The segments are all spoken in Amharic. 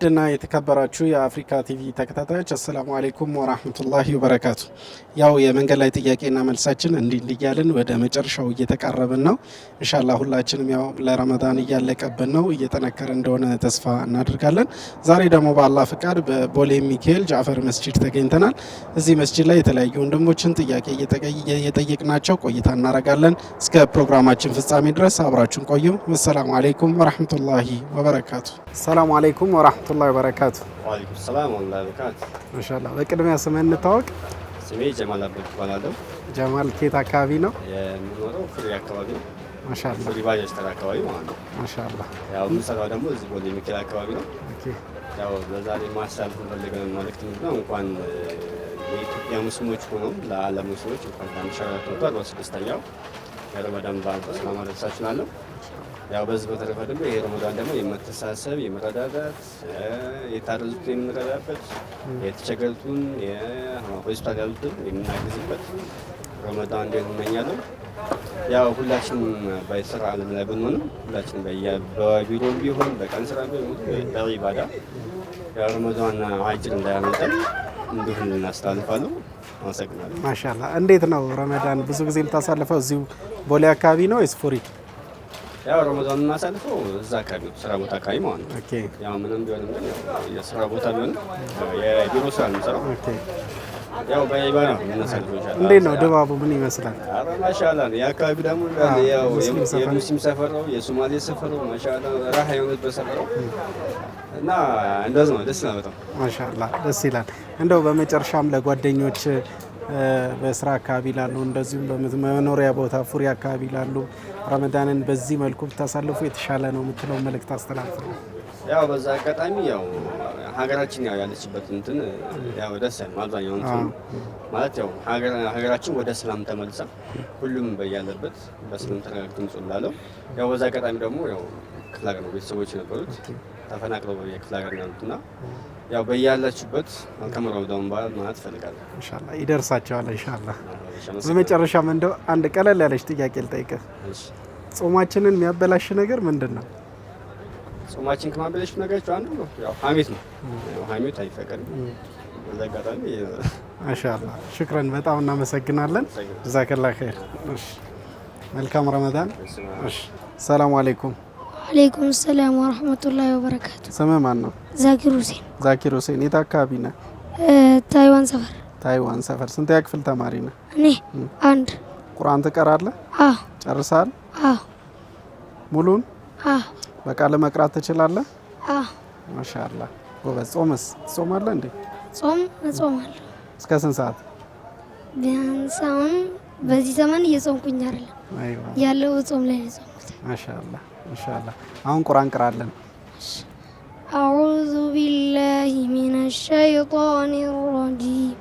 ውድና የተከበራችሁ የአፍሪካ ቲቪ ተከታታዮች አሰላሙ አሌይኩም ወራህመቱላሂ ወበረካቱ። ያው የመንገድ ላይ ጥያቄና መልሳችን እንዲህ ወደ መጨረሻው እየተቃረብን ነው። እንሻላ ሁላችንም ያው ለረመዳን እያለቀብን ነው፣ እየጠነከረ እንደሆነ ተስፋ እናደርጋለን። ዛሬ ደግሞ በአላህ ፍቃድ በቦሌ ሚካኤል ጃፈር መስጂድ ተገኝተናል። እዚህ መስጂድ ላይ የተለያዩ ወንድሞችን ጥያቄ እየጠየቅናቸው ቆይታ እናደርጋለን። እስከ ፕሮግራማችን ፍጻሜ ድረስ አብራችሁን ቆዩ። አሰላሙ አሌይኩም ወራህመቱላሂ ወበረካቱ። ሰላሙ አሌይኩም ወራህመቱላሂ ወበረካቱ። ወአለይኩም ሰላም ወራህመቱላሂ ወበረካቱ። ማሻአላህ በቅድሚያ ስምህን እንታወቅ። ስሜ ጀማል አብዱ ጀማል አካባቢ ነው የምኖረው? አካባቢ ነው። ባጃጅ ተራ አካባቢ ማለት ነው። ያው የምሰራው ደግሞ እዚህ ቦሌ አካባቢ ነው። ኦኬ ያው መልእክት ነው እንኳን የኢትዮጵያ ሙስሊሞች ለዓለም ሙስሊሞች እንኳን ስድስተኛው የረመዳን በዓል ያው በዚህ በተረፈ ደግሞ ይሄ ረመዳን ደግሞ የመተሳሰብ የመረዳዳት የታረዙት የምንረዳበት የተቸገሩትን ሆስፒታል ያሉትን የምናግዝበት ረመዳን እንደ እመኛለሁ። ያው ሁላችንም በስራ አለም ላይ ብንሆንም ሁላችን በቢሮ ቢሆን በቀን ስራ ቢሆን በዒባዳ ያው ረመዳን አጅር እንዳያመልጠን እንዲሁን እናስተላልፋለሁ። አመሰግናለሁ። ማሻላ እንዴት ነው ረመዳን ብዙ ጊዜ የምታሳልፈው እዚሁ ቦሌ አካባቢ ነው ወይስ ፉሪ? ያው ረመዳን የምናሳልፈው እዛ አካባቢ ነው፣ ስራ ቦታ አካባቢ ማለት ነው። ኦኬ ያው ምንም ቢሆንም ግን የስራ ቦታ ቢሆንም የቢሮ ስራ ነው የምሰራው። ኦኬ ያው በኢባ ነው የምናሳልፈው። ይሻላል። እንዴት ነው ድባቡ? ምን ይመስላል? አረ ነው። የአካባቢ ደግሞ ያው የሙስሊም ሰፈር ነው፣ የሶማሌ ሰፈር ነው። ማሻአላህ ራህ የሆነበት ሰፈር ነው እና እንደዚህ ነው። ደስ ነው በጣም ማሻአላህ፣ ደስ ይላል። እንደው በመጨረሻም ለጓደኞች በስራ አካባቢ ላሉ እንደዚሁም በመኖሪያ ቦታ ፉሪ አካባቢ ላሉ ረመዳንን በዚህ መልኩ ብታሳልፉ የተሻለ ነው የምትለው መልእክት አስተላልፍ ነው። ያው በዛ አጋጣሚ ያው ሀገራችን ያው ያለችበት እንትን ያው ደስ ያለው አብዛኛው ማለት ያው ሀገራችን ወደ ሰላም ተመልሳ ሁሉም በያለበት በሰላም ተረጋግተን ጾም ላለው ያው በዛ አጋጣሚ ደግሞ ያው ክፍለ ሀገር ነው ቤተሰቦች የነበሩት ተፈናቅለው በየክፍለ ሀገር ያሉት እና ያው በያላችሁበት መልካም ረመዳን በዓል ማለት እፈልጋለሁ። ኢንሻላህ ይደርሳቸዋል። እንሻላ በመጨረሻም እንደው አንድ ቀለል ያለች ጥያቄ ልጠይቅህ። ጾማችንን የሚያበላሽ ነገር ምንድን ነው? ጾማችን ከማበላሽ ነገሮች አንዱ ነው ያው ሀሜት ነው። ሀሜት አይፈቀድም። በዛ አጋጣሚ ማሻአላህ ሽክረን በጣም እናመሰግናለን። ጀዛከላህ ኸይር። መልካም ረመዳን። ሰላሙ አሌይኩም። አሌይኩም ሰላም ወረህመቱላሂ ወበረካቱ። ስምህ ማን ነው? ዛኪር ሁሴን። ዛኪር ሁሴን የት አካባቢ ነህ? ታይዋን ሰፈር። ታይዋን ሰፈር። ስንተኛ ክፍል ተማሪ ነህ? እኔ አንድ። ቁርአን ትቀራለህ? አዎ። ጨርሰሃል? አዎ። ሙሉን? አዎ። በቃል መቅራት ትችላለህ? አዎ። ማሻአላህ ጎበዝ። ጾምስ ትጾማለህ እንዴ? ጾም እጾማለሁ። እስከ ስንት ሰዓት? ቢያንስ አሁን በዚህ ዘመን እየጾምኩኝ አይደለም ያለው ጾም ላይ ነው ما شاء الله ما شاء الله عن قران أعوذ بالله من الشيطان الرجيم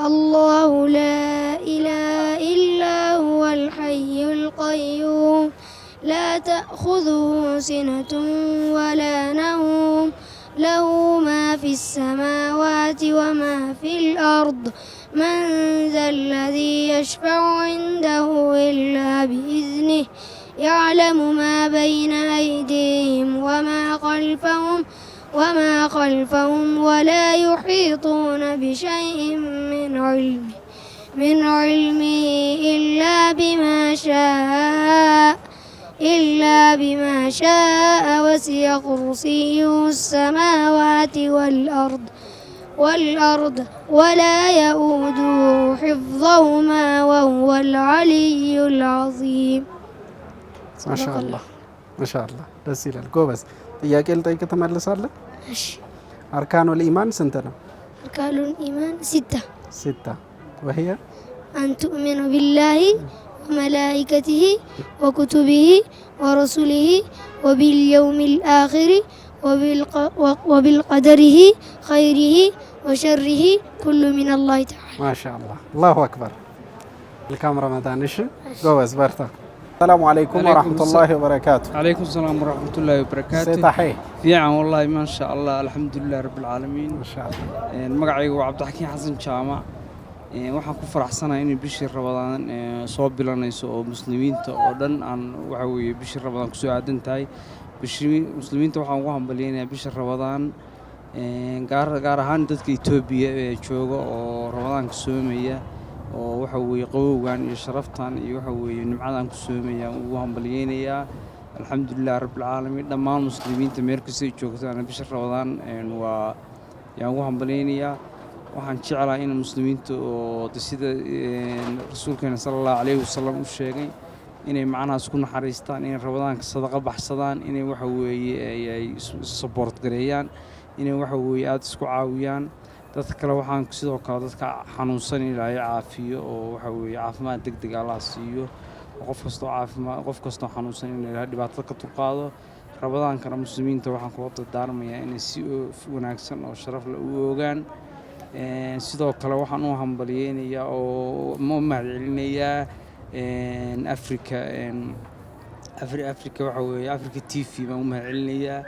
الله لا إله إلا هو الحي القيوم لا تأخذه سنة ولا نوم له ما في السماوات وما في الأرض من ذا الذي يشفع عنده إلا بإذنه يعلم ما بين أيديهم وما خلفهم وما خلفهم ولا يحيطون بشيء من علمه من علمه إلا بما شاء إلا بما شاء وسع كرسيه السماوات والأرض والأرض ولا يؤوده حفظهما وهو العلي العظيم ማሻአላ ማሻአላ ደስ ይላል። ጎበዝ ጥያቄ ልጠይቅ ትመልሳለህ? እሺ አርካኑል ኢማን ስንት ነው? አርካኑል ኢማን ሲታ ሲታ ወህየ አን ቱእሚኑ ቢላሂ ወመላኢከቲሂ ወኩቱቢሂ ወረሱሊሂ ወቢልየውሚል አኺሪ ወቢልቀደሪሂ ኸይሪሂ ወሸሪሂ ኩሉ ሚነላሂ ተዓላ ማሻአላ አላሁ አክበር። መልካም ረመዳን። እሺ ጎበዝ በርታ። السلام عليكم ورحمة الله وبركاته عليكم السلام ورحمة الله وبركاته صحيح فيعن والله ما شاء الله الحمد لله رب العالمين ما شاء الله مقعي عبد الحكيم حسن جامع waxaan ku faraxsanahay inay bishii rabadaan soo bilanayso oo muslimiinta oo dhan aan waxa weeye bishii rabadaan kusoo aadan tahay muslimiinta waxaan ugu hambalyaynayaa bisha rabadaan gaar ahaan dadka etoobiya ee jooga oo rabadaanka soomaya oo waxa weeye qawowgan iyo sharaftan iyo waxa weeye nimcadaan ku soomayaan ugu hambalyeynayaa alxamdulilah rabbilcaalamiin dhammaan muslimiinta meel kastay joogtaana bisha rabadaan waa yaan ugu hambalyeynayaa waxaan jeclaa in muslimiinta oo de sida rasuulkeena sala allahu calayhi wasalam u sheegay inay macnahaas ku naxariistaan inay rabadaanka sadaqa baxsadaan inay waxa weeye ay gareeyaan inay waxa weeye aada isku caawiyaan dadka kale waxaan sidoo kale dadka xanuunsan ilaahay caafiyo oo waxa weye caafimaad deg deg allah ah siiyo qof kastoo caafimaad qof kastoo xanuunsan in ilaahay dhibaatada ka dulqaado rabadaankana muslimiinta waxaan kula dardaarmayaa inay si wanaagsan oo sharaf leh u oogaan sidoo kale waxaan u hambaliyeynayaa oo u mahadcelinayaa africa africa waxa weeye africa t v baan u mahadcelinayaa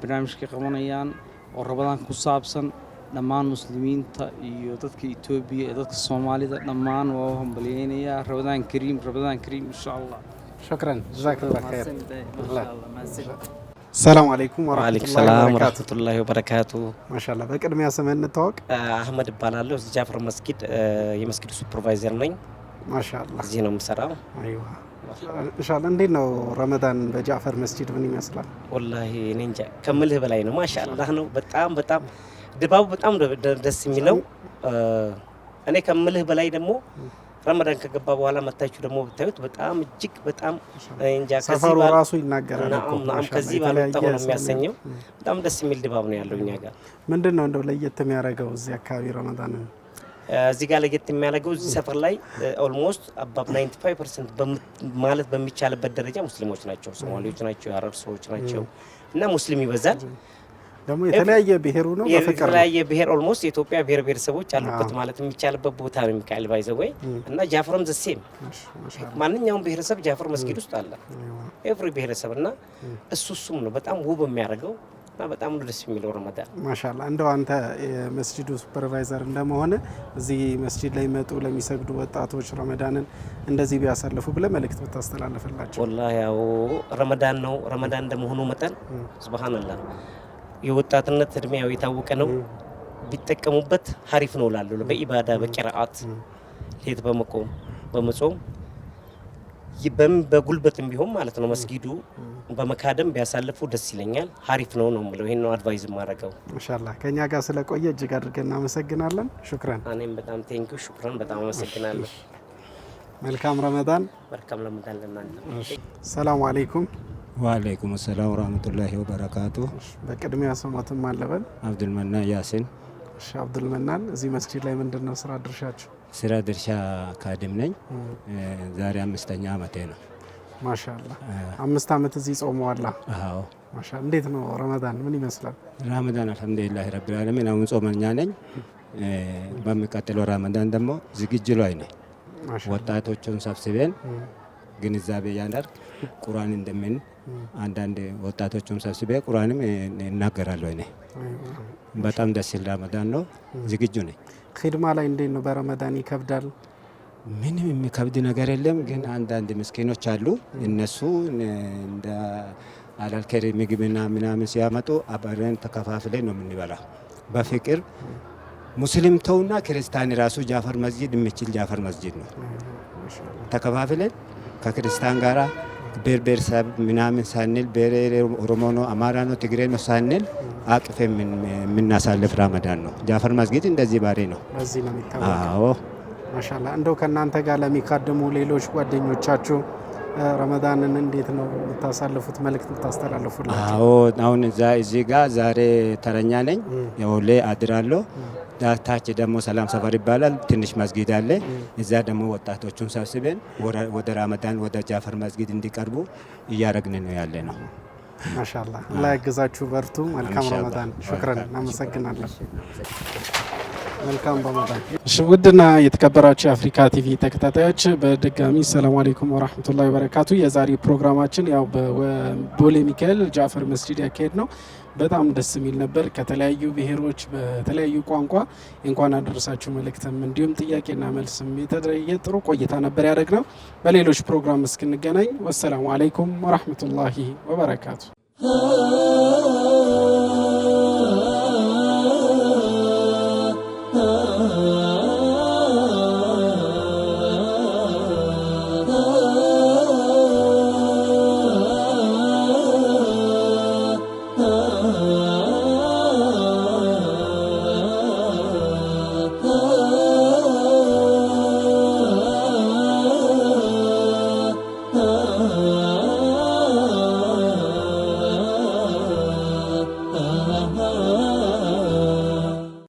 barnaamijkay qabanayaan oo rabadaanka ku saabsan dhammaan muslimiinta iyo dadka etoobiya ee dadka soomaalida dhammaan waa u hambalyeynayaa rabadaan kariim rabadaan kariim insha allah shukran jazakallah khayr السلام عليكم ورحمة الله السلام ورحمة الله وبركاته ما شاء الله بك أدمي أسمين نتوك أحمد بالالو جعفر مسجد يمسجد سوبرفايزر نين ما شاء الله زين ومسرام أيوة إن شاء الله نحن رمضان بجعفر مسجد وني مسلا والله ننجا كمله بلاينو ما شاء الله نو بتام بتام ድባቡ በጣም ደስ የሚለው እኔ ከምልህ በላይ ደግሞ ረመዳን ከገባ በኋላ መታችሁ ደግሞ ብታዩት በጣም እጅግ በጣም እንጃ ሰፈሩ ራሱ ይናገራል። ከዚህ ባለጠው ነው የሚያሰኘው። በጣም ደስ የሚል ድባብ ነው ያለው እኛ ጋር። ምንድን ነው እንደው ለየት የሚያደርገው እዚህ አካባቢ ረመዳን እዚህ ጋር ለየት የሚያደርገው እዚህ ሰፈር ላይ ኦልሞስት አባብ 95 ፐርሰንት ማለት በሚቻልበት ደረጃ ሙስሊሞች ናቸው፣ ሶማሌዎች ናቸው፣ አረብ ሰዎች ናቸው እና ሙስሊም ይበዛል። ደግሞ የተለያየ ብሔሩ ነው የተለያየ ብሔር ኦልሞስት የኢትዮጵያ ብሔር ብሔረሰቦች አሉበት ማለት የሚቻልበት ቦታ ነው። ሚካኤል ባይዘወይ እና ጃፍሮም ዘሴም ማንኛውም ብሔረሰብ ጃፈር መስጊድ ውስጥ አለ ኤቭሪ ብሔረሰብ እና እሱ እሱም ነው በጣም ውብ የሚያደርገው እና በጣም ደስ የሚለው ረመዳን ማሻላ። እንደው አንተ የመስጂዱ ሱፐርቫይዘር እንደመሆነ እዚህ መስጂድ ላይ መጡ ለሚሰግዱ ወጣቶች ረመዳንን እንደዚህ ቢያሳልፉ ብለ መልእክት ብታስተላልፍላቸው። ወላ ያው ረመዳን ነው ረመዳን እንደመሆኑ መጠን ስብሃንላ የወጣትነት እድሜያው የታወቀ ነው። ቢጠቀሙበት ሀሪፍ ነው ላሉ በኢባዳ በቂራአት ሌት በመቆም በመጾም በጉልበትም ቢሆን ማለት ነው መስጊዱ በመካደም ቢያሳልፉ ደስ ይለኛል። ሀሪፍ ነው ነው ምለው ይህን ነው አድቫይዝ ማድረገው። እንሻላ ከእኛ ጋር ስለቆየ እጅግ አድርገን እናመሰግናለን። ሹክረን። እኔም በጣም ቴንኪው። ሹክረን በጣም አመሰግናለሁ። መልካም ረመዳን። መልካም ረመዳን ለእናንተ። ሰላሙ አሌይኩም ዋአለይኩም ሰላም ወራህመቱላሂ ወበረካቱ። በቅድሚያ ስሞትን ማለበል አብዱልመናን ያሲን። እሺ አብዱልመናን፣ እዚህ መስጂድ ላይ ምንድን ነው ስራ ድርሻችሁ? ስራ ድርሻ ካድም ነኝ። ዛሬ አምስተኛ አመቴ ነው። ማሻላ አምስት አመት እዚህ ጾመዋላ? አዎ። ማሻላ እንዴት ነው ረመዳን ምን ይመስላል? ረመዳን አልሐምዱሊላህ ረቢል ዓለሚን። አሁን ጾመኛ ነኝ። በሚቀጥለው ረመዳን ደግሞ ዝግጅ ላይ ነኝ። ወጣቶቹን ሰብስቤን ግንዛቤ እያንዳርግ ቁርአን እንደምን አንዳንድ ወጣቶቹም ሰብስቤ ቁርአንም እናገራለሁ። እኔ በጣም ደስ ይል ረመዳን ነው። ዝግጁ ነኝ። ሂድማ ላይ እንዴት ነው? በረመዳን ይከብዳል? ምንም የሚከብድ ነገር የለም። ግን አንዳንድ ምስኪኖች አሉ። እነሱ እንደ አላልከሪ ምግብና ምናምን ሲያመጡ አብረን ተከፋፍለን ነው የምንበላው በፍቅር ሙስሊም ተውና ክርስቲያን ራሱ ጃፈር መስጂድ የሚችል ጃፈር መስጂድ ነው ተከፋፍለን ከክርስቲያን ጋራ ብሔር ብሔረሰብ ምናምን ሳንል ብሔር ኦሮሞ ነው፣ አማራ ነው፣ ትግሬ ነው ሳንል አቅፌ የምናሳልፍ ራመዳን ነው። ጃፈር መስጊድ እንደዚህ ባሬ ነው። በዚህ ነው የሚታወቀው። ማሻላ እንደው ከእናንተ ጋር ለሚካድሙ ሌሎች ጓደኞቻችሁ ረመዳንን እንዴት ነው የምታሳልፉት? መልእክት የምታስተላልፉላቸው? አሁን እዚህ ጋር ዛሬ ተረኛ ነኝ። ሁሌ አድራለሁ። ታች ደግሞ ሰላም ሰፈር ይባላል። ትንሽ መስጊድ አለ። እዛ ደግሞ ወጣቶቹን ሰብስበን ወደ ረመዳን ወደ ጃፈር መስጊድ እንዲቀርቡ እያረግን ነው ያለ ነው። ማሻላ ላይ ያግዛችሁ፣ በርቱ። መልካም ረመዳን። ሹክረን፣ እናመሰግናለን። መልካም በመጣ ውድና የተከበራችሁ የአፍሪካ ቲቪ ተከታታዮች በድጋሚ ሰላም አሌይኩም ወራህመቱላሂ ወበረካቱ። የዛሬ ፕሮግራማችን ያው በቦሌ ሚካኤል ጃፈር መስጂድ ያካሄድ ነው። በጣም ደስ የሚል ነበር። ከተለያዩ ብሔሮች በተለያዩ ቋንቋ እንኳን አደረሳችሁ መልእክትም እንዲሁም ጥያቄና መልስም የተደረየ ጥሩ ቆይታ ነበር ያደረግ ነው። በሌሎች ፕሮግራም እስክንገናኝ ወሰላሙ አሌይኩም ወራህመቱላሂ ወበረካቱ።